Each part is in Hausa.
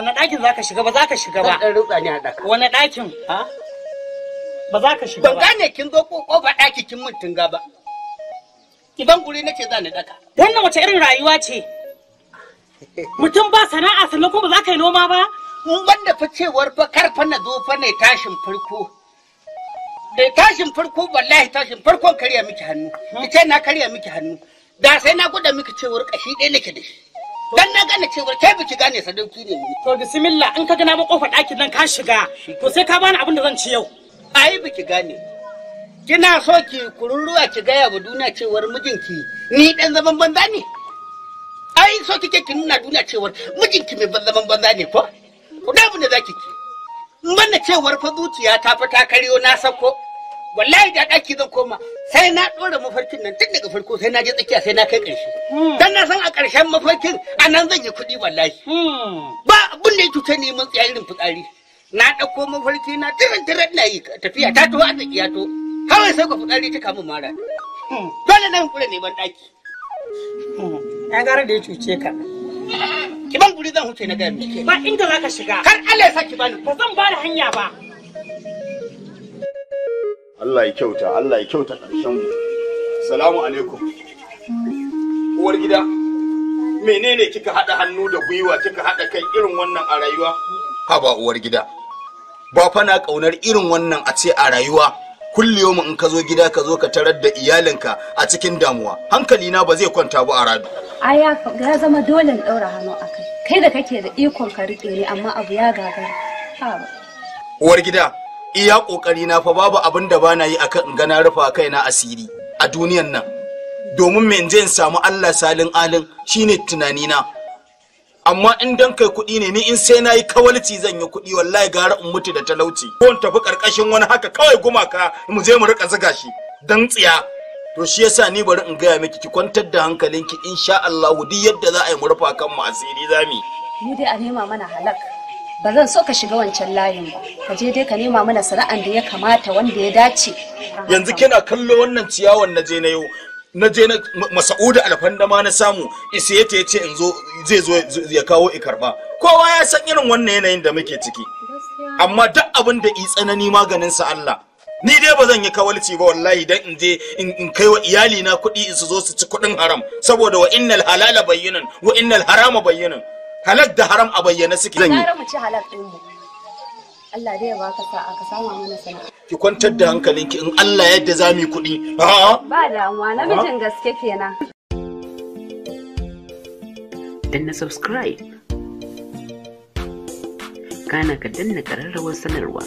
wani ɗakin za ka shiga ba za ka shiga ba ɗan rutsa ne a ɗaka wani ɗakin ba za ka shiga ba ban gane kin zo ko ba ɗaki kin mutun ga ba idan guri nake za ni ɗaka wannan wace irin rayuwa ce mutum ba sana'a sannan kuma ba za ka yi noma ba wanda fa cewar fa karfa na zo fa ne tashin farko da tashin farko wallahi tashin farkon karya miki hannu hmm. ce na karya miki hannu da sai na gwada miki cewar kashi ɗaya nake da shi dan na gane cewa kai biki gane sadauki ne to bismillah in ka gana ba kofar ɗakin nan ka shiga to sai ka bani abin da zan ci yau ai biki gane kina so ki kururuwa ki gaya wa duniya cewar mijinki ni dan zaman banza ne ai so kike ki nuna duniya cewar mijinki mai zaman banza ne ko ku da abin da zaki ki mana cewar fa zuciya ta fa ta na sako wallahi da ɗaki zan koma sai na ɗora mafarkin nan tun daga farko sai na je tsakiya sai na kai ƙarshe. Dan na san a ƙarshen mafarkin a nan zan yi kuɗi wallahi. Ba abin da ya cuce ne mun tsaya irin fitsari. Na ɗauko mafarki na tirin tirin na yi tafiya ta tuwa a tsakiya to. Kawai sai ka fitsari ta kama mara. Dole na hankula ban ɗaki. Ya gara da ya cuce ka. Ki ban guri zan huce na gaya miki. Ba inda za ka shiga. Kar Allah ya sa ki bani. Ba zan ba da hanya ba. Allah ya kyauta Allah ya kyauta ƙarshen mu salamu alaikum uwar gida menene kika haɗa hannu da gwiwa kika haɗa kai irin wannan a rayuwa haba uwar gida ba fa na ƙaunar irin wannan a ce a rayuwa kulliyomu in ka zo gida ka zo ka tarar da iyalinka a cikin damuwa hankali na ba zai kwanta ba a radu Aya ya zama dole na ɗaura hannu a kai kai da kake da ikon ka riƙe ne amma abu ya gagara uwar gida iya kokari na fa babu abin da bana yi akan in ga na rufa kaina asiri a duniyan nan domin me in samu Allah salin alin shine tunani na amma in dan kai kuɗi ne ni in sai na yi kawalci zan yi kuɗi wallahi gara in mutu da talauci ko in tafi karkashin wani haka kawai gumaka mu je mu rika zuga shi dan tsiya to shi yasa ni bari in gaya miki ki kwantar da hankalinki insha Allah duk yadda za a yi mu rufa kan mu asiri zami mu dai a nema mana halak ba zan so ka shiga wancan layin ba ka je dai ka nema mana sana'an da ya kamata wanda ya dace yanzu kina kallo wannan ciyawan na je na yau na je na masa'uda alfanda ma na samu isa yace yace in zo zai zo ya kawo karba kowa ya san irin wannan yanayin da muke ciki amma duk abin da i tsanani maganin sa Allah ni dai ba zan yi kawalci ba wallahi dan in je in kai wa iyali na kuɗi su zo su ci kuɗin haram saboda wa innal halala bayyinan wa innal harama bayyinan halal da haram a bayyana suke zan yi mu ci halal mu Allah dai ya ka samu ki kwantar da hankalinki in Allah yadda za mu yi kuɗi ba damuwa namijin gaske kenan danna subscribe kana ka danna ƙararrawar sanarwa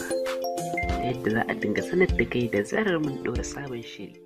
ta yadda za a dinga sanar da kai da zarar mun ɗora sabon shiri